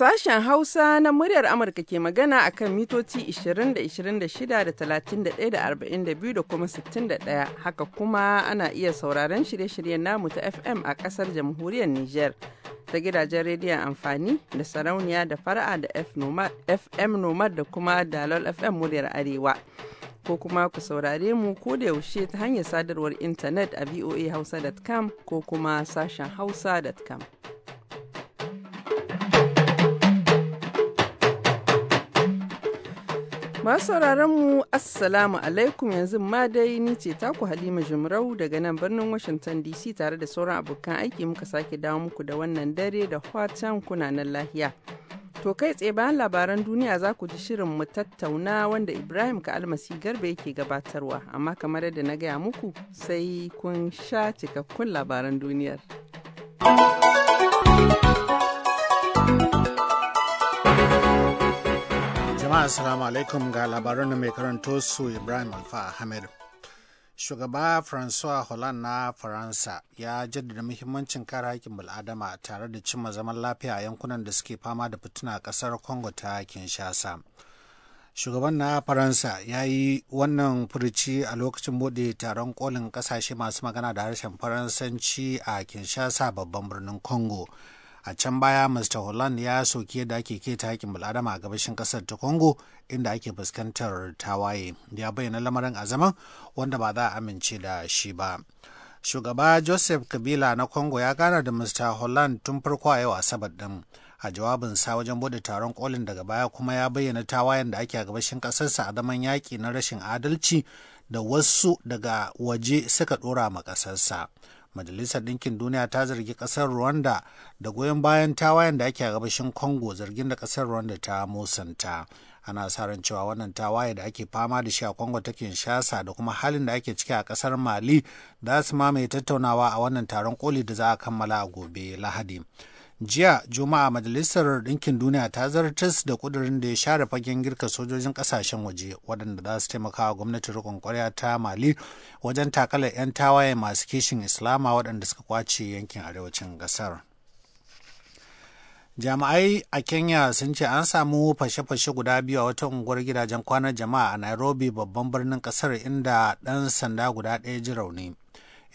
Sashen Hausa na muryar Amurka ke magana a kan mitoci 20 da 26 31 42 da kuma 61 haka kuma ana iya sauraron shirye-shiryen namu ta FM a ƙasar jamhuriyar Nijar ta gidajen rediyon amfani da sarauniya da fara'a da FM Nomad da kuma Dalol FM muryar Arewa. Ko kuma ku saurare mu ko da yaushe ta hanyar sadarwar intanet a voahausa.com ko kuma sashen hausa.com. Masu mu Assalamu alaikum yanzu ma dai ni ce taku Halima Jumrau daga nan birnin Washington DC tare da sauran abokan aiki muka sake dawo muku da wannan dare da fatan kuna nan lahiya. To kai tsaye bayan labaran duniya za ku ji shirin mu tattauna wanda Ibrahim ka almasi garba yake gabatarwa amma kamar yadda na gaya muku sai kun sha cikakkun labaran duniyar. Assalamu alaikum ga labaran da mai karanto su Ibrahim Alfa Ahmed. Shugaba Francois Hollande na Faransa ya jaddada muhimmancin kare haƙƙin bil'adama tare da cimma zaman lafiya a yankunan da suke fama da fituna a ƙasar Congo ta Kinshasa. Shugaban na Faransa ya yi wannan furuci a lokacin buɗe taron kolin ƙasashe masu magana da harshen Faransanci a Kinshasa babban birnin Congo. a can baya mr holland ya soki yadda ake keta haƙƙin bil'adama a gabashin ƙasar ta congo inda ake fuskantar tawaye ya bayyana lamarin a zaman wanda ba za a amince da shi ba shugaba joseph kabila na congo ya gana da mr holland tun farko a yau asabar din a jawabin sa wajen bude taron kolin daga baya kuma ya bayyana tawayen da ake a gabashin ƙasarsa a zaman yaƙi na rashin adalci da wasu daga waje suka ɗora ma ƙasarsa. Majalisar Ɗinkin Duniya ta zargi ƙasar Rwanda da goyon bayan tawayen da ake a gabashin Congo zargin da ƙasar Rwanda ta musanta. Ana sa ran cewa wannan tawaye da ake fama da shi a Congo ta Kinshasa da kuma halin da ake ciki a ƙasar Mali za su mamaye tattaunawa a wannan taron koli da za a kammala a gobe Lahadi. jiya juma'a majalisar ɗinkin duniya ta zartas da kudurin da ya share fagen girka sojojin ƙasashen waje waɗanda za su taimaka wa gwamnatin rikon kwarya ta mali wajen takalar 'yan tawaye masu kishin islama waɗanda suka kwace yankin arewacin ƙasar jami'ai a kenya sun ce an samu fashe-fashe guda biyu a wata unguwar gidajen kwanar jama'a a nairobi babban birnin ƙasar inda ɗan sanda guda ɗaya ji rauni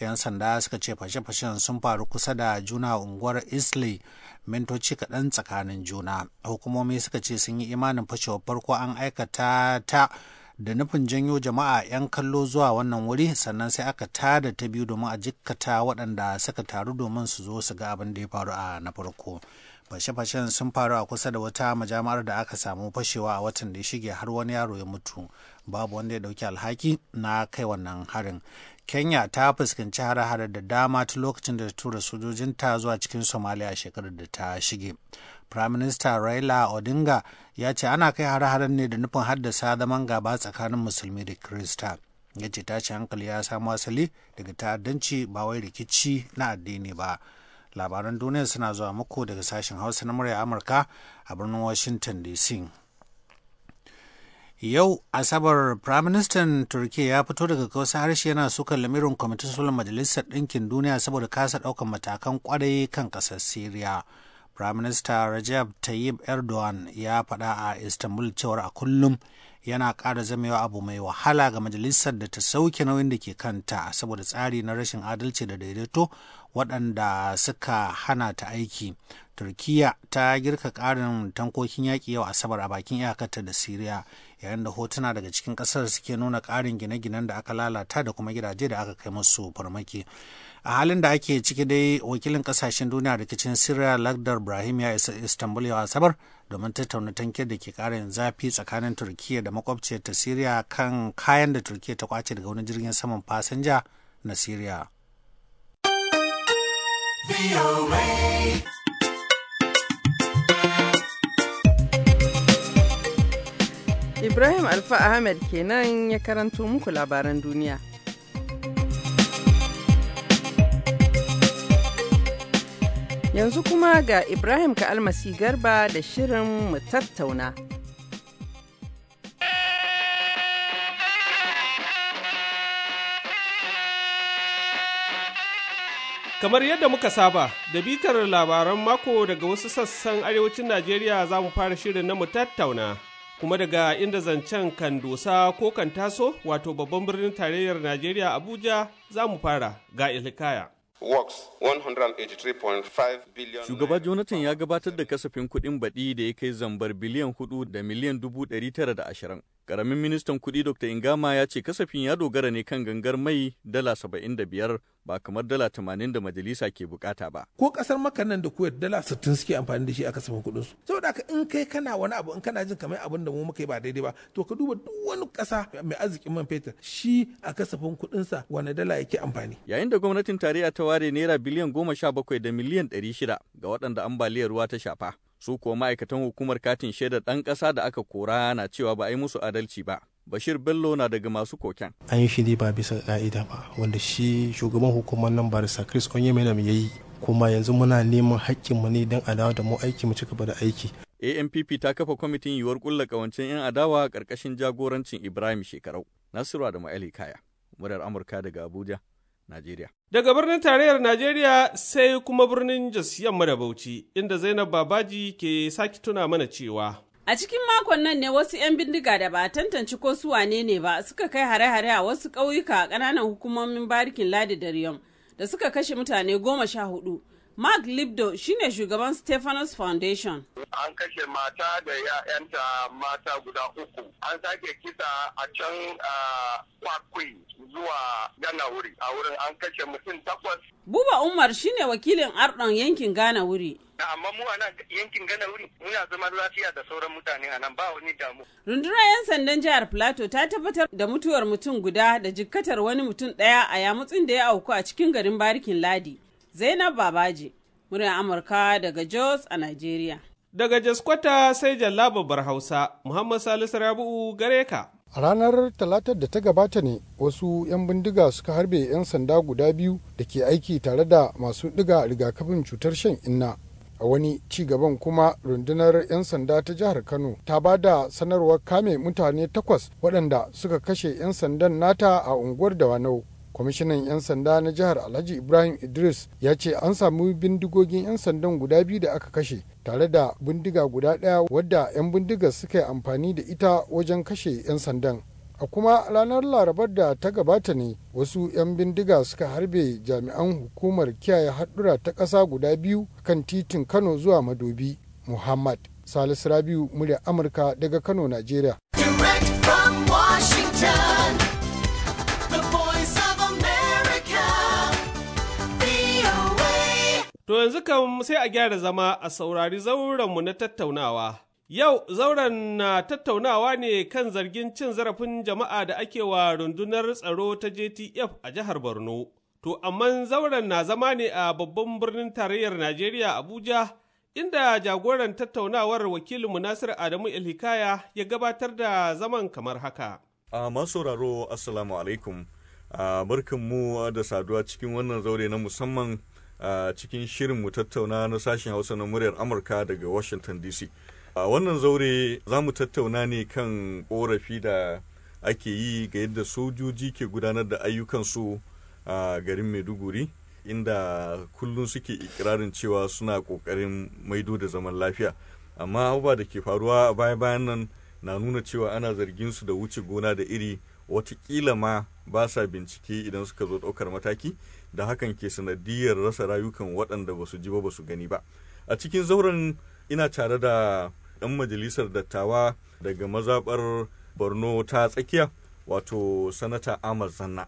'yan sanda suka ce fashe-fashen sun faru kusa da juna unguwar isley mintoci kaɗan tsakanin juna hukumomi suka ce sun yi imanin fashewar farko an aikata ta da nufin janyo jama'a 'yan kallo zuwa wannan wuri sannan sai aka tada ta biyu domin a jikkata waɗanda suka taru domin su zo su ga abin da ya faru a na farko fashe-fashen sun faru a kusa da wata majami'ar da aka samu fashewa a watan da ya shige har wani yaro ya mutu babu wanda ya dauki alhaki na kai wannan harin Kenya ta fuskanci hare-hare da dama ta lokacin da ta tura ta zuwa cikin Somalia a shekarar da ta shige. Prime Minister Raila Odinga ya ce ana kai hare-haren ne da nufin haddasa zaman gaba tsakanin musulmi da Kirista. Ya ce tashi hankali ya samu asali daga ta'addanci ba wai rikici na addini ba. Labaran duniya suna zuwa muku daga sashen Hausa na murya Amurka a birnin Washington DC. Yau Asabar Firaministan Turkiyya ya fito daga wasu harshe yana sukan lamirin kwamitin sulhun Majalisar Ɗinkin Duniya saboda kasa ɗaukar matakan kwarai kan ƙasar Siriya. Firaminista Rajab Tayyip Erdogan ya faɗa a Istanbul cewar a kullum yana ƙara zamewa abu mai wahala ga majalisar da ta sauke nauyin da ke kanta saboda tsari na rashin adalci da daidaito waɗanda suka hana ta aiki turkiya ta girka ƙarin tankokin yaƙi yau asabar a bakin iyakarta da siriya yayin da hotuna daga cikin ƙasar suke nuna ƙarin gine-ginen da aka lalata da kuma gidaje da aka kai musu farmaki a halin da ake ciki dai wakilin kasashen duniya rikicin syria lagdar brahim ya isa istanbul yau asabar domin tattauna tankiyar da ke kara yin zafi tsakanin turkiya da makwabciyar ta siriya kan kayan da turkiya ta kwace daga wani jirgin saman fasinja na siriya Ibrahim Alfa Ahmed kenan ya karanto muku labaran duniya. Yanzu kuma ga Ibrahim ka Almasi Garba da shirin mu tattauna. Kamar yadda muka saba, da bitar labaran mako daga wasu sassan arewacin Najeriya za mu fara shirin na mu tattauna. kuma daga inda zancen kan dosa ko kan taso wato babban birnin tarayyar najeriya abuja za mu fara ga ilikaya works 183.5 billion. Shugaba Jonathan ya gabatar da kasafin kuɗin baɗi da ya kai zambar biliyan 4 da miliyan dubu ɗari tara da ashirin. Karamin ministan kuɗi Dr. Ingama ya ce kasafin ya dogara ne kan gangar mai dala 75 ba kamar dala 80 da majalisa ke bukata ba. Ko kasar makannan da kuwa dala 60 suke amfani da shi a kasafin kuɗin su. Saboda haka in kai kana wani abu in kana jin kamar abin da mu muka yi ba daidai ba to ka duba duk wani kasa mai arzikin man fetur shi a kasafin kuɗin wani dala yake amfani. Yayin da gwamnatin tarayya ta ware naira biliyan bakwai da miliyan shida ga waɗanda ambaliyar ruwa ta shafa. su kuwa ma'aikatan hukumar katin shaidar ɗan ƙasa da aka kora na cewa ba a yi musu adalci ba. Bashir Bello na daga masu koken. An yi shiri ba bisa ka'ida ba wanda shi shugaban hukumar nan barista Chris Onyemenam ya yi kuma yanzu muna neman haƙƙinmu ne don adawa da mu aiki mu ci gaba da aiki. ANPP ta kafa kwamitin yiwuwar ƙulla ƙawancin 'yan adawa ƙarƙashin jagorancin Ibrahim Shekarau. Nasiru da Ma'ali Kaya, muryar Amurka daga Abuja, Najeriya. Daga birnin tarayyar Najeriya sai kuma birnin Jos yamma da Bauchi inda Zainab Babaji ke sake tuna mana cewa. A cikin makon nan ne wasu 'yan bindiga da ba tantance ko su wane ne ba suka kai hare-hare a wasu ƙauyuka a ƙananan hukumomin barikin Ladi da Riyam da suka kashe mutane goma sha hudu. Mark Libdo shine shugaban Stephanos Foundation. An kashe mata da 'ya'yanta mata guda uku. An sake kisa a can kwakwi zuwa Ghana wuri. A wurin an kashe mutum takwas. Buba Umar shine wakilin Ardon yankin Ghana wuri. na amma mu a yankin gana wuri muna zama lafiya da sauran mutane a nan ba wani damu. rundunar 'yan sandan jihar plateau ta tabbatar da mutuwar mutum guda da jikkatar wani mutum ɗaya a yamutsin da ya auku a cikin garin barikin ladi Zainab Babaji, muryar Amurka daga Jos a Najeriya. Daga Jaskwata sai Jallaba hausa Muhammad Salisu Rabi'u gare ka. A ranar talatar da ta gabata ne wasu 'yan bindiga suka harbe 'yan sanda guda biyu da ke aiki tare da masu ɗiga rigakafin cutar shan inna. A wani ci gaban kuma rundunar 'yan sanda ta jihar Kano ta ba da sanarwar kame mutane takwas waɗanda suka kashe 'yan sandan nata a unguwar Dawanau. kwamishinan 'yan sanda na jihar alhaji ibrahim idris ya ce an samu bindigogin 'yan sandan guda biyu da aka kashe tare da bindiga guda ɗaya wadda 'yan bindiga suka yi amfani da ita wajen kashe 'yan sandan a kuma ranar larabar da ta gabata ne wasu 'yan bindiga suka harbe jami'an hukumar kiyaye haɗura ta ƙasa guda biyu kan titin kano zuwa madobi muhammad salisu rabiu murya amurka daga kano nigeria To yanzu kam sai a gyara zama a saurari zaurenmu na tattaunawa. Yau zauren na tattaunawa ne kan zargin cin zarafin jama'a da ake wa rundunar tsaro ta JTF a jihar Borno. To amma zauren na zama ne a babban birnin tarayyar Najeriya Abuja inda jagoran tattaunawar wakilinmu Nasir Adamu Ilhikaya ya gabatar da zaman kamar haka. A masauraro Assalamu alaikum. mu da saduwa cikin wannan zaure na musamman a cikin shirin mu tattauna na sashen Hausa na muryar Amurka daga Washington DC. A wannan zaure za mu tattauna ne kan korafi da ake yi ga yadda sojoji ke gudanar da ayyukansu a garin Maiduguri. inda kullum suke ikirarin cewa suna kokarin maido da zaman lafiya amma abubuwa da ke faruwa a baya bayan nan na nuna cewa ana zargin su da wuce gona da iri watakila ma ba sa bincike idan suka zo ɗaukar mataki da hakan ke sanadiyar rasa rayukan waɗanda ba su ji ba su gani ba a cikin zauren ina tare da ɗan majalisar dattawa daga mazaɓar borno ta tsakiya wato sanata ahmad zanna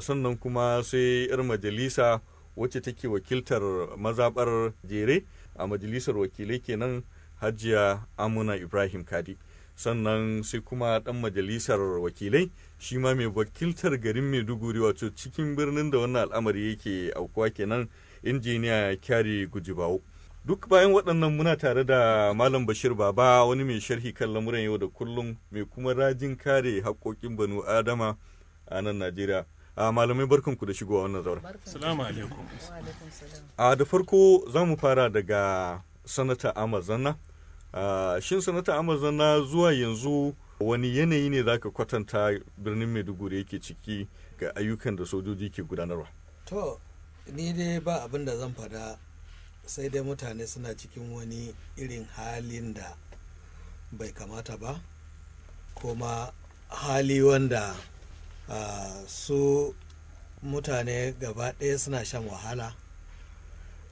sannan kuma sai 'yar majalisa wacce take wakiltar mazaɓar jere a majalisar wakilai kenan hajjiya amuna ibrahim kadi sannan sai kuma ɗan majalisar wakilai shi ma mai wakiltar garin maiduguri wato cikin birnin da wannan al'amari yake aukuwa kenan injiniya kyari gujibawo duk bayan waɗannan muna tare da malam bashir baba wani mai sharhi kan lamuran yau da kullum mai kuma rajin kare haƙoƙin banu adama a nan najeriya a malamai barkanku da shigowa wannan zaura a da farko za mu fara daga sanata amazana shin sanata amazana zuwa yanzu wani yanayi ne za ka kwatanta birnin maiduguri yake ciki ga ayyukan da sojoji ke gudanarwa to ni dai ba abin da zan fada sai dai mutane suna cikin wani irin halin da bai kamata ba kuma hali wanda uh, su mutane gaba ɗaya suna shan wahala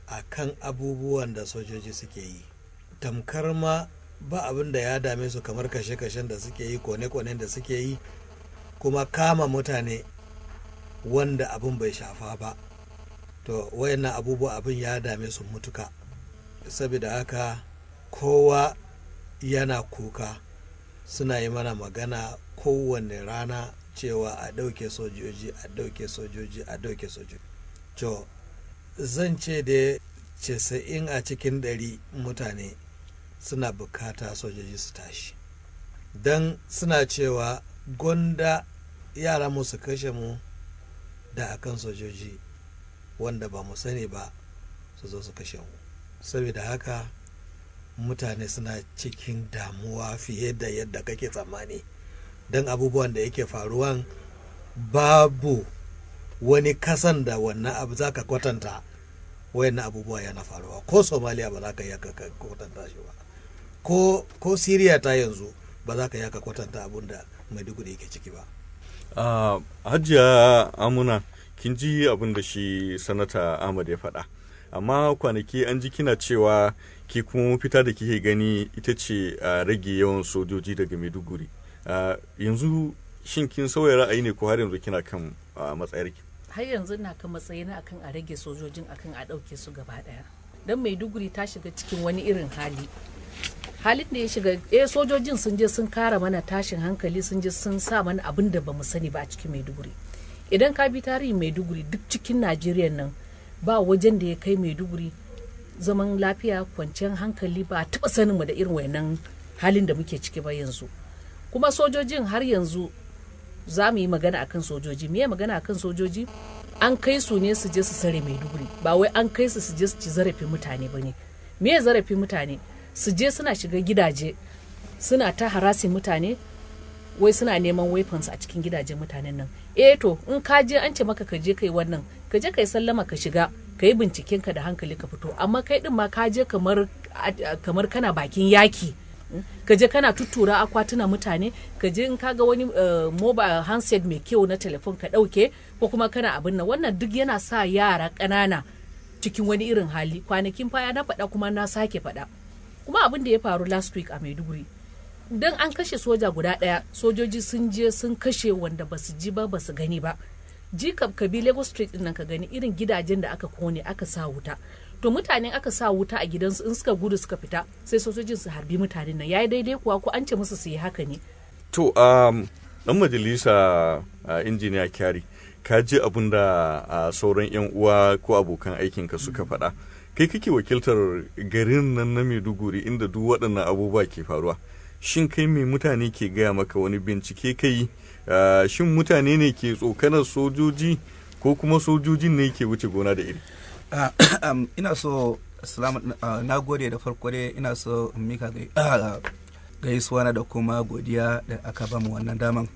a kan abubuwan da sojoji suke yi tamkar ma ba abin da ya dame su kamar kashe-kashen da suke yi kone-konen da suke yi kuma kama mutane wanda abin bai shafa ba to wayannan abubuwa abin ya dame su mutuka saboda haka kowa yana kuka suna yi mana magana kowane rana cewa a ɗauke sojoji a ɗauke sojoji a ɗauke sojoji to zan ce da casa'in a cikin ɗari mutane suna bukata sojoji su tashi don suna cewa gonda yara mu su kashe mu da akan sojoji wanda ba mu sani ba su zo su kashe mu saboda haka mutane suna cikin damuwa fiye da yadda kake tsammani don abubuwan da yake faruwan babu wani kasan da wannan abu za ka kwatanta wayan abubuwa yana faruwa ko somaliya ba za ka iya kwatanta shi ba ko ko siriya ta yanzu ba za ka yaka kwatanta abun da maiduguri yake ciki ba hajiya amuna kin ji abin da shi sanata ahmad ya faɗa amma kwanaki an ji kina cewa ki kuma fita da kike gani ita ce rage yawan sojoji daga maiduguri yanzu shin kin sauya ra'ayi ne ko har yanzu kina kan matsayar ki har yanzu na kan matsayi na akan a rage sojojin akan a ɗauke su gaba ɗaya dan maiduguri ta shiga cikin wani irin hali halin da ya shiga eh sojojin sun je sun kara mana tashin hankali sun je sun sa mana abin da bamu sani ba a cikin maiduguri idan ka bi tarihin maiduguri duk cikin najeriya nan ba wajen da ya kai maiduguri zaman lafiya kwanciyar hankali ba taba taɓa sanin mu da irin wannan halin da muke ciki ba yanzu kuma sojojin har yanzu za mu yi magana akan sojoji me magana akan sojoji an kai su ne su je su sare maiduguri ba wai an kai su su je su ci zarafin mutane ba ne me zarafin mutane su je suna shiga gidaje suna ta harasi mutane wai suna neman weapons a cikin gidajen mutanen nan eh to in ka je an ce maka ka je kai wannan ka je kai sallama ka shiga ka yi binciken ka da hankali ka fito amma kai din ma ka je kamar kamar kana bakin yaki ka je kana tuttura akwatuna mutane ka je in kaga wani eh, mobile handset mai kyau na telefon ka dauke ko kuma kana abin nan wannan duk yana sa yara kanana cikin wani irin hali kwanakin fa na faɗa kuma na sake faɗa kuma abin da ya faru last week a maiduguri don an kashe soja guda daya sojoji sun je sun kashe wanda ba su ji ba ba su gani ba jikab kabi lagos street din nan ka gani irin gidajen da aka kone aka sa wuta to mutane aka sa wuta a gidansu in suka gudu suka fita sai sojojin su harbi mutanen nan yayi daidai kuwa ko an ce musu su yi haka ne to um, dan majalisa uh, injiniya kyari ka ji abin da uh, sauran yan uwa ko abokan aikinka suka faɗa kai kake wakiltar garin nan na maiduguri inda duk waɗannan abubuwa ke faruwa shin kai mai mutane ke gaya maka wani bincike ka ah, shin mutane ne ke tsokanar sojoji ko kuma sojojin ne ke wuce gona da iri ah, um, ina so ah, na gode da farko dai ina so mika gaisuwa na da kuma godiya da aka bamu wannan daman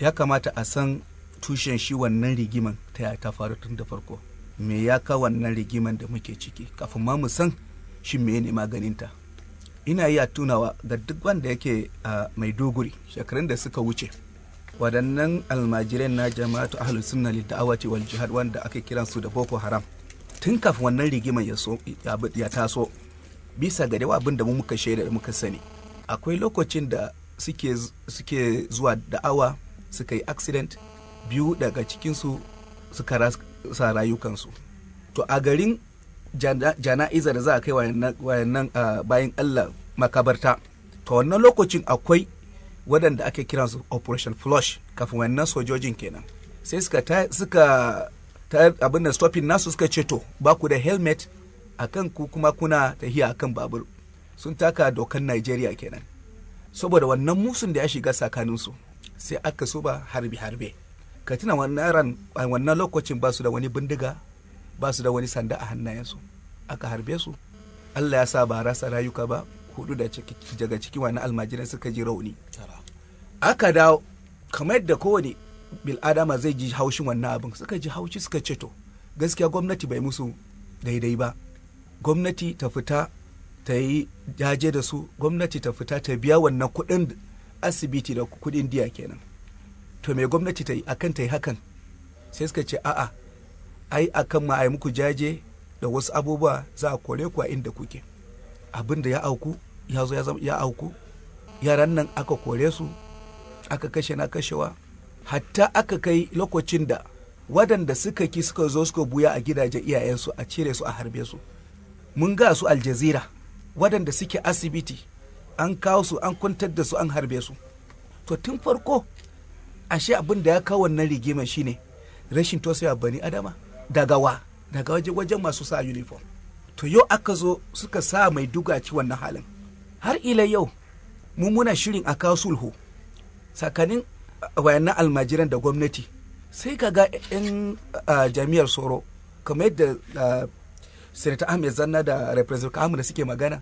ya kamata a san tushen shi wannan rigiman ta ta faru tun da farko me ya kawo wannan rigiman da muke ciki kafin ma mu san shi me ne maganinta ina iya tunawa ga duk wanda yake a maiduguri shekarun da suka wuce waɗannan almajirai na jama'atu ahlu sunna lil da'awati wal jihad wanda ake kiran su da boko haram tun kafin wannan rigiman ya taso bisa ga yawa abin da mu muka shaida da muka sani akwai lokacin da suke zuwa da'awa suka yi accident biyu daga cikinsu suka sa rayukansu to a garin jana'iza da za a kai wayannan bayan allah makabarta to wannan lokacin akwai waɗanda ake su operation flush kafin wannan sojojin kenan sai suka suka abin da stopping nasu suka ce to ba ku da helmet a kan ku kuma kuna tahiya a kan babur sun taka dokan Najeriya kenan saboda wannan musun da ya shiga tsakaninsu sai aka so ba harbe-harbe ka tuna wannan wannan lokacin ba su da wani bindiga ba su da wani sanda a hannayensu aka harbe su Allah ya sa ba rasa rayuka ba hudu da daga ciki wani almajiran suka ji rauni aka dawo kamar yadda kowane bil'adama zai ji haushin wannan abin suka ji haushi suka ce to gaskiya gwamnati bai musu daidai ba gwamnati ta fita ta yi jaje da su gwamnati ta fita ta biya wannan kuɗin asibiti da kuɗin diya kenan to me gwamnati ta yi akan ta yi hakan sai suka ce a'a ai akan ma ai muku jaje da wasu abubuwa za a kore ku a inda kuke abin da ya auku ya zo ya auku yaran nan aka kore su aka kashe na kashewa hatta aka kai lokacin da waɗanda suka ki suka zo suka buya a gidajen iyayensu a cire su a harbe su mun ga su aljazira waɗanda suke asibiti an kawo su an kwantar da su an harbe su to tun farko ashe abin da ya kawo wannan rigima shine rashin tausaya bani adama daga wa daga waje wajen masu sa uniform to yau aka zo suka sa mai duga dugaci wannan halin har ila yau mu muna shirin a kawo sulhu tsakanin uh, wayannan almajiran da gwamnati sai ka ga 'yan uh, jami'ar tsoro kamar yadda uh, senator ahmed zanna da representative kamar da suke magana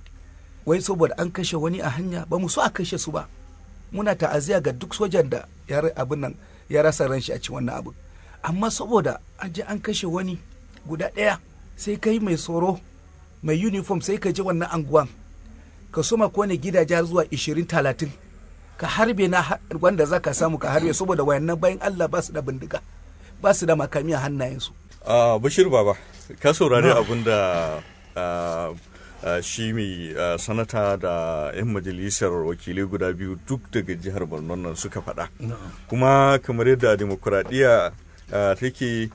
wai saboda an kashe wani a hanya ba mu so a kashe su ba muna ta'aziyya ga duk sojan da ya abin nan ya rasa ran shi a cikin wannan abu amma saboda an je an kashe wani guda ɗaya sai kai mai tsoro mai uniform sai ka je wannan anguwan ka soma ne gidaje zuwa 20 30 ka harbe na wanda za ka samu ka harbe saboda wayannan bayan Allah ba su da bindiga ba su da makami a hannayensu. Uh, Bashir Baba, ka saurari abin da ah, Uh, shi mai uh, sanata da 'yan majalisar wakilai guda biyu duk daga jihar borno nan suka faɗa kuma kamar yadda demokuraɗiyya uh, take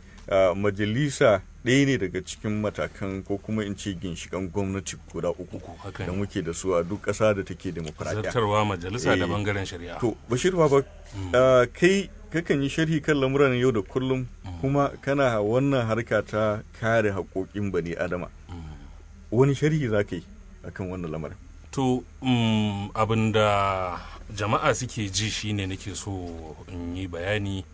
majalisa ɗaya ne daga cikin matakan ko kuma in ce ginshikan gwamnati guda uku da muke da su a duk ƙasa da take demokuraɗiyya zartarwa majalisa da bangaren eh, shari'a to bashir baba mm. kai kakan yi sharhi kan lamuran yau da kullum mm. kuma kana wannan harka ta kare haƙoƙin bani adama wani sharhi za ka yi akan wannan lamarin to mm, abin da jama'a suke ji shine nake so in yi bayani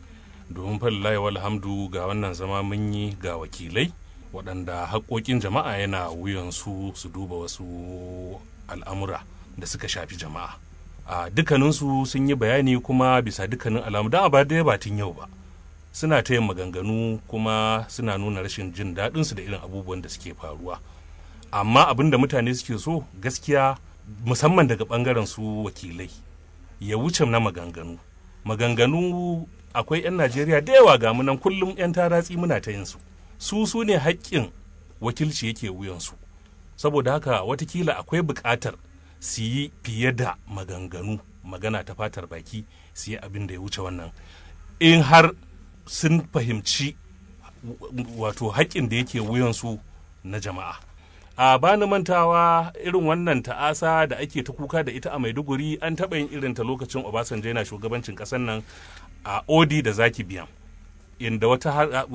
domin fallaye walhamdu ga wannan zama mun yi ga wakilai waɗanda haƙoƙin jama'a yana wuyansu su duba wasu al'amura da suka shafi jama'a a dukkaninsu sun yi bayani kuma bisa dukkanin alamu don ba dai tun yau ba suna ta yin maganganu kuma suna nuna rashin jin daɗinsu da irin abubuwan da suke faruwa amma abin da mutane suke so gaskiya musamman daga bangaren su wakilai ya wuce na maganganu maganganu akwai 'yan najeriya da yawa ga nan kullum 'yan taratsi muna ta yin su su su ne haƙƙin wakilci yake wuyansu saboda haka watakila akwai buƙatar su yi fiye da maganganu magana ta fatar baki su yi abin da ya wuce wannan in har sun fahimci wato haƙƙin da yake wuyansu na jama'a a bani mantawa irin wannan ta'asa da ake ta kuka da ita a maiduguri an taɓa yin irin ta lokacin obasanjo yana shugabancin ƙasar nan a odi da zaki biyan inda wata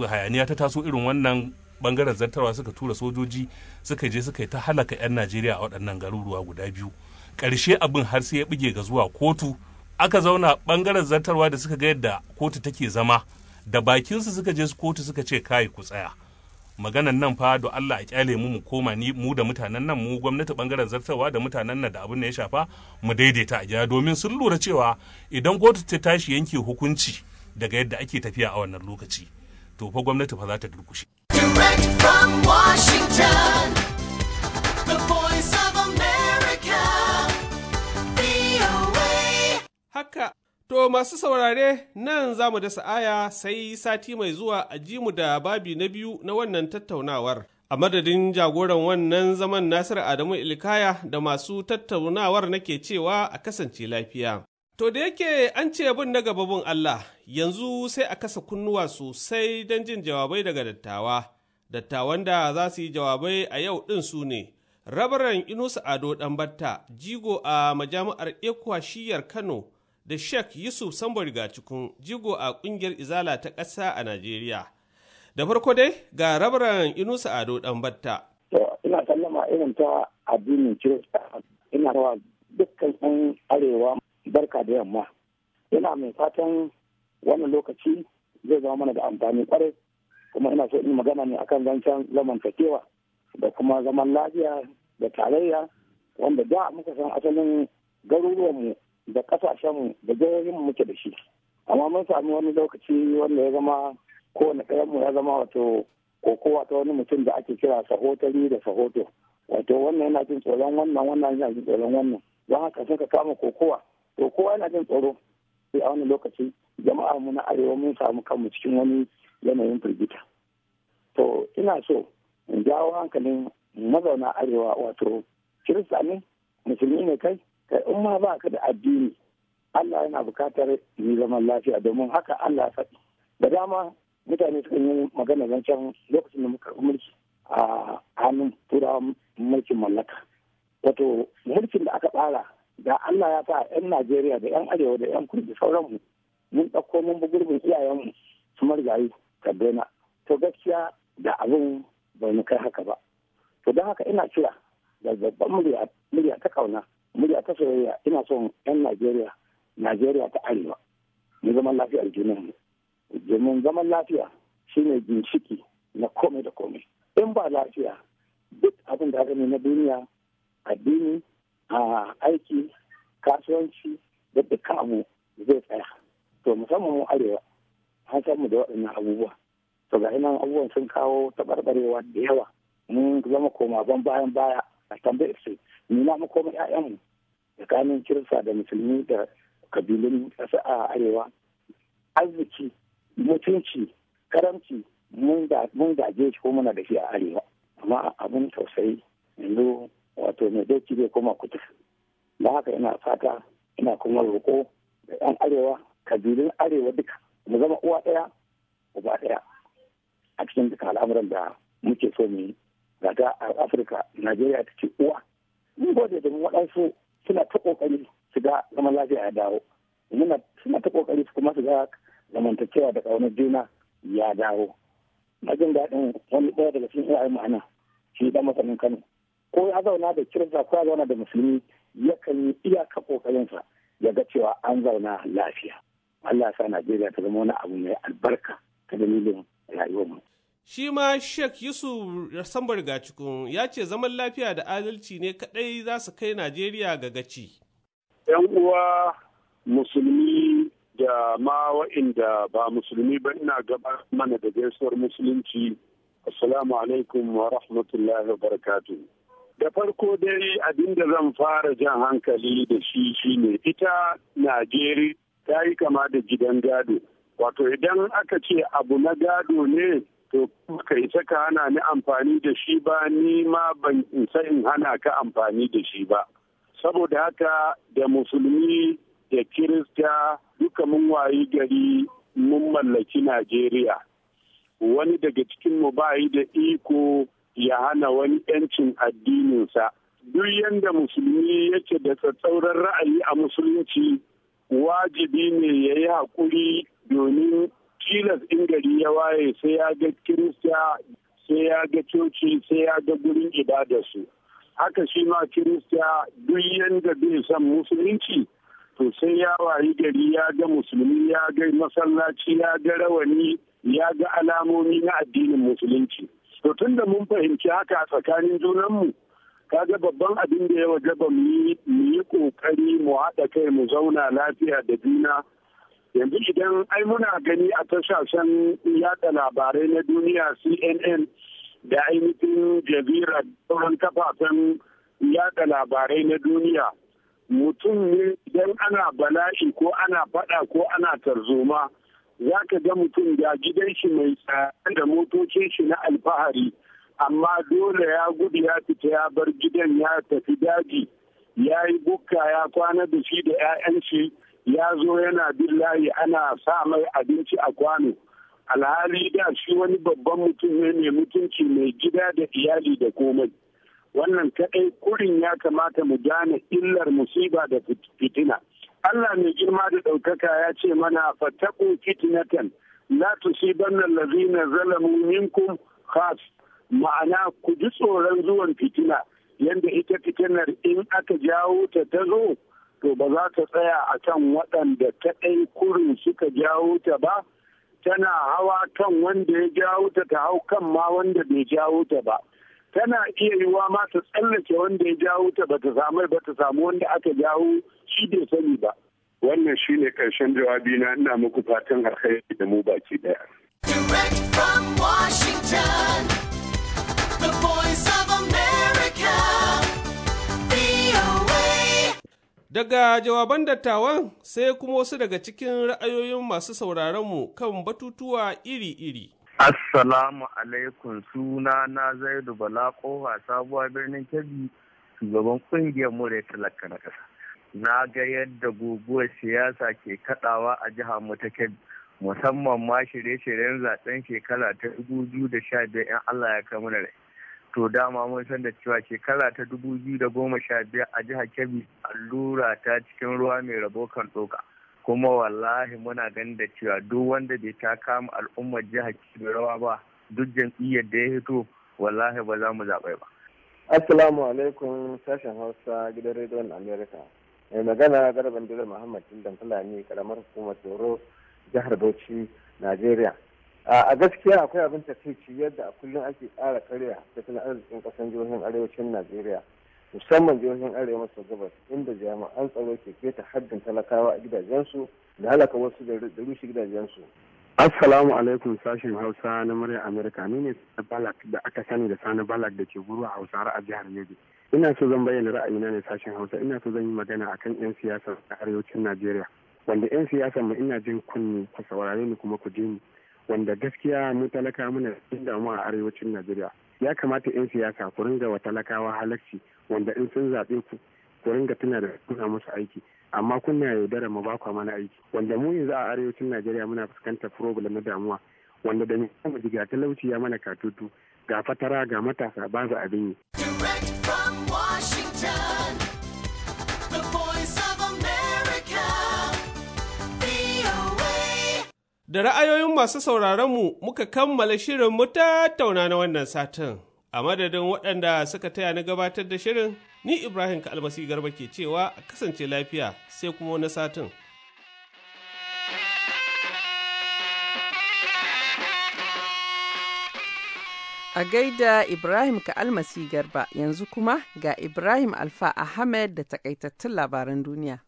hayaniya ta taso irin wannan bangaren zartarwa suka tura sojoji suka je suka yi ta halaka 'yan najeriya a waɗannan garuruwa guda biyu ƙarshe abin har sai ya buge ga zuwa kotu aka zauna bangaren zartarwa da suka ga yadda kotu take zama da bakinsu suka je kotu suka ce kai ku tsaya maganan nan fa da Allah a kyale mu mu koma ni mu da mutanen nan mu gwamnati bangaren zartarwa da mutanen nan da abin da ya shafa mu daidaita a gida domin sun lura cewa idan kotu ta tashi yanke hukunci daga yadda ake tafiya a wannan lokaci to fa gwamnati fa za ta durkushe Haka To masu saurare nan za mu dasa Sa'aya sai sati mai zuwa a ji mu da babi na biyu na wannan tattaunawar. A madadin jagoran wannan zaman Nasiru Adamu Ilkaya da masu tattaunawar nake cewa a kasance lafiya. To da yake an ce bin na gababin Allah yanzu sai a kasa kunnuwa sosai don jin jawabai daga dattawa. Dattawan da za su yi jawabai a yau ɗin su ne. Rabaran Inusa Ado Ɗanbatta, jigo a majami'ar Ekuwa Shiyar Kano, da Sheikh Yusuf riga cikin jigo a kungiyar Izala ta ƙasa a Najeriya. Da farko dai ga rabaran Inusa Ado Ɗanbatta. To, ina sallama irin ta addinin Kirista, ina rawa dukkan ɗan arewa barka da yamma. Ina mai fatan wannan lokaci zai zama mana da amfani kwarai kuma ina so in magana ne akan zancen zamantakewa da kuma zaman lafiya da tarayya wanda da muka san asalin garuruwanmu da kasashen da jihohinmu muke da shi amma mun sami wani lokaci wanda ya zama kowane mu ya zama wato koko wato wani mutum da ake kira sahotari da sahoto wato wannan yana jin tsoron wannan wannan yana jin tsoron wannan don haka ka kama kokowa to kowa yana jin tsoro sai a wani lokaci jama'a mu na arewa mun samu kanmu cikin wani yanayin firgita to ina so in jawo hankalin mazauna arewa wato kirista musulmi ne kai kai in ma ba ka da addini Allah yana bukatar yi zaman lafiya domin haka Allah ya faɗi da dama mutane suka yi magana zancen lokacin da muka mulki a hannun turawan mulkin mallaka wato mulkin da aka tsara da Allah ya sa 'yan Najeriya da 'yan Arewa da 'yan Kudu sauranmu mun ɗauko mun bugurbin iyayenmu su margayi Kaduna to gaskiya da abin bai mu kai haka ba to don haka ina kira da babban murya ta kauna murya ta soyayya ina son 'yan najeriya najeriya ta arewa mu zaman lafiyar mu domin zaman lafiya shine ginshiki na komai da komai in ba lafiya duk abin da gani na duniya addini a aiki kasuwanci da dukkan abu zai tsaya to musamman mu arewa an san mu da waɗannan abubuwa to ga nan abubuwan sun kawo taɓarɓarewa da yawa mun zama koma ban bayan baya a tambayar su nuna mu koma 'ya'yanmu tsakanin kirista da musulmi da kabilun ƙasa a arewa arziki mutunci karamci mun gaje shi ko muna da shi a arewa amma abin tausayi yanzu wato mai doki bai koma kutu da haka ina fata ina kuma roƙo da yan arewa kabilun arewa duka mu zama uwa ɗaya uba ɗaya a cikin duka al'amuran da muke so mu yi ga ta a afirka najeriya ta ce uwa mun gode da waɗansu suna ta kokari su ga zaman lafiya ya dawo suna ta kokari su kuma su ga zamantakewa da ƙaunar juna ya dawo na jin daɗin wani ɗaya daga cikin iyayen ma'ana shi ɗan masanin kano ko ya zauna da kirista ko ya zauna da musulmi yakan yi iyaka ƙoƙarinsa ya ga cewa an zauna lafiya Allah sa Najeriya ta zama wani abu mai albarka ta dalilin rayuwarmu. Shi ma Sheikh Yusuf Sambar Gacikun ya ce zaman lafiya da adalci ne kaɗai za su kai Najeriya ga gaci. ‘Yan uwa musulmi da ma wa'inda ba musulmi ba ina gaba mana da gaisuwar musulunci. Assalamu alaikum wa rahmatullahi wa Da farko dai abin da zan fara jan hankali da shi shine ita Najeriya ta yi kama da gidan gado. Wato idan aka ce abu na gado ne to ka isa ka hana ni amfani da shi ba ni ma ban isa in hana ka amfani da shi ba saboda haka da musulmi da kirista duka mun wayi gari mun mallaki najeriya wani daga cikinmu ba yi da iko ya hana wani yancin addininsa duk yadda musulmi yake da tsatsauran ra'ayi a musulunci wajibi ne ya yi haƙuri domin tilas ɗin gari ya waye sai ya ga kirista sai ya ga coci sai ya ga gurin ibada su. haka shi ma kirista duk yanda bai san musulunci to sai ya wayi gari ya ga musulmi ya ga masallaci ya ga rawani ya ga alamomi na addinin musulunci to tun da mun fahimci haka a tsakanin junanmu kaga babban abin da ya wajaba mu yi ƙoƙari mu haɗa kai mu zauna lafiya da juna yanzu idan ai muna gani a tashashen yada labarai na duniya cnn da ainihin jazira sauran kafafen yada labarai na duniya mutum ne idan ana bala'i ko ana fada ko ana tarzoma za ka ga mutum da gidan shi mai tsada da motocin shi na alfahari amma dole ya gudu ya fita ya bar gidan ya tafi daji ya yi bukka ya kwana da shi da 'ya'yan shi ya zo yana bin ana sa mai abinci a kwano alhali da shi wani babban mutum ne mai mutunci mai gida da iyali da komai wannan kaɗai kurin ya kamata mu gane illar musiba da fitina Allah mai girma da ɗaukaka ya ce mana fataku fitnatan la tusibanna allazina zalamu minkum khas ma'ana ku ji tsoron zuwan fitina Yadda ita fitinar in aka jawo ta ta zo to ba za ta tsaya a kan waɗanda ta ɗai kurin suka jawo ta ba tana hawa kan wanda ya jawo ta ta hau kan ma wanda bai jawo ta ba tana iya yiwa ma ta tsallake wanda ya jawo ta ba ta samu ba ta samu wanda aka jawo shi bai sani ba wannan shine karshen jawabi na ina muku fatan alkhairi da mu baki daya the voice of america Daga jawaban dattawan sai kuma wasu daga cikin ra'ayoyin masu sauraronmu kan batutuwa iri-iri. Assalamu alaikum suna na Zaidu Bala Kofa sabuwa birnin Kebbi shugaban kungiyar da Talaka na ƙasa. Na ga yadda guguwar siyasa ke kaɗawa a jihar mu ta Kebbi musamman ma shirye-shiryen zaben shekara ta 2015 in Allah ya kamar rai. to dama mun san da cewa shekara ta dubu biyu da goma sha biyar a jihar kebbi allura ta cikin ruwa mai rabo kan ɗauka kuma wallahi muna ganin da cewa duk wanda bai ta kama al'ummar jihar kebbi rawa ba duk jam'iyyar da ya hito wallahi ba za mu zaɓai ba. assalamu alaikum sashen hausa gidan rediyon america mai magana garban jirar muhammad jindan fulani karamar hukumar tsoro jihar bauchi najeriya a gaskiya akwai abin takaici yadda a kullum ake ƙara karya tattalin arzikin ƙasan jihohin arewacin najeriya musamman jihohin arewa maso gabas inda jami'an tsaro ke keta haddin talakawa a gidajensu da halaka wasu da rushe gidajensu Assalamu alaikum sashen Hausa na murya Amerika. Ni ne Sani Balak da aka sani da Sani Balak da ke guru a Hausare a jihar Yobe. Ina so zan bayyana ra'ayina ne sashen Hausa. Ina so zan yi magana akan 'yan siyasa a arewacin Najeriya. Wanda 'yan siyasa mu ina jin kunni ku saurare ni kuma ku ji ni. wanda gaskiya mu talaka muna cikin damuwa a arewacin najeriya ya kamata 'yan siyasa ku ringa wa talakawa halarci wanda in sun zaɓe ku ku ringa tuna da kuna musu aiki amma kuna yaudara mu ba mana aiki wanda mu yanzu a arewacin najeriya muna fuskantar problem na damuwa wanda da mu ji ga talauci ya mana katutu ga fatara ga matasa ba abin yi. Direct from Washington. Da ra'ayoyin masu sauraronmu muka kammala shirin mu tattauna na wannan satin. A madadin waɗanda suka taya na gabatar da shirin, ni Ibrahim Kalmasi Garba ke cewa a kasance lafiya sai kuma wani satin. A gaida Ibrahim kalmasi Garba yanzu kuma ga Ibrahim Alfa Ahmed da takaitattun labaran duniya.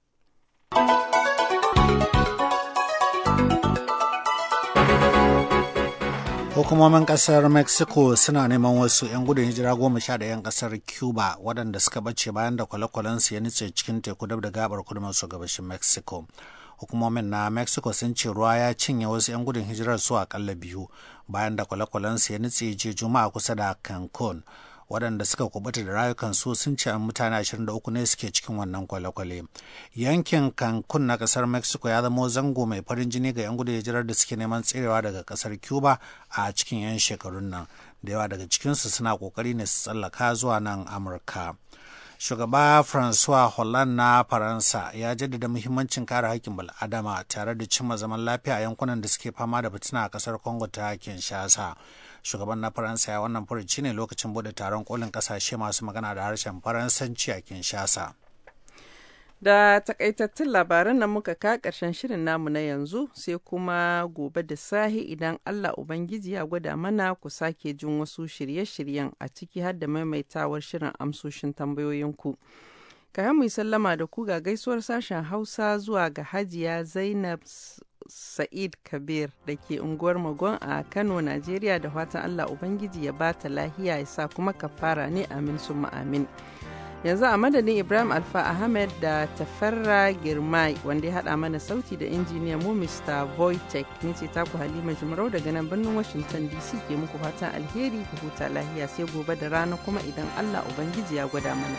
Hukumomin kasar Mexico suna neman wasu 'yan gudun hijira goma sha da 'yan kasar Cuba waɗanda suka bace bayan da kwale su ya nutse cikin teku dab da gabar kudu maso gabashin Mexico. Hukumomin na Mexico sun ce ruwa ya cinye wasu 'yan gudun hijirar su akalla biyu bayan da kwale-kwalensu ya nutse je Juma'a kusa da Cancun. waɗanda suka kubuta da rayukansu sun ce an mutane 23 ne suke cikin wannan kwale-kwale yankin cancun na ƙasar mexico ya zama zango mai farin jini ga 'yan gudun hijirar da suke neman tserewa daga ƙasar cuba a cikin 'yan shekarun nan da yawa daga cikinsu suna ƙoƙari ne su tsallaka zuwa nan amurka shugaba francois hollande na faransa ya jaddada muhimmancin kare haƙƙin bal'adama tare da cimma zaman lafiya a yankunan da suke fama da fitina a ƙasar congo ta kinshasa shugaban na faransa ya wannan furuci ne lokacin bude taron kolin ƙasashe masu magana da harshen faransanci a kinshasa Da takaitattun labaran nan muka ka karshen shirin namu na yanzu sai kuma gobe da sahi idan Allah Ubangiji ya gwada mana ku sake jin wasu shirye-shiryen a ciki har da maimaitawar shirin amsoshin tambayoyinku. Ka mu sallama da ku ga gaisuwar sashen Hausa zuwa ga Hajiya Zainab Sa'id Kabir da ke unguwar Magon a Kano, Najeriya da fatan Allah Ubangiji ya bata lahiya ya sa kuma kafara ne amin summa amin. yanzu a madadin ibrahim alfa ahmed da tafarra girmai wanda ya haɗa mana sauti da injiniya mu mr voitek ni ce taku halima jimarau daga nan birnin washington dc ke muku fatan alheri ku huta lahiya sai gobe da rana kuma idan allah ubangiji ya gwada mana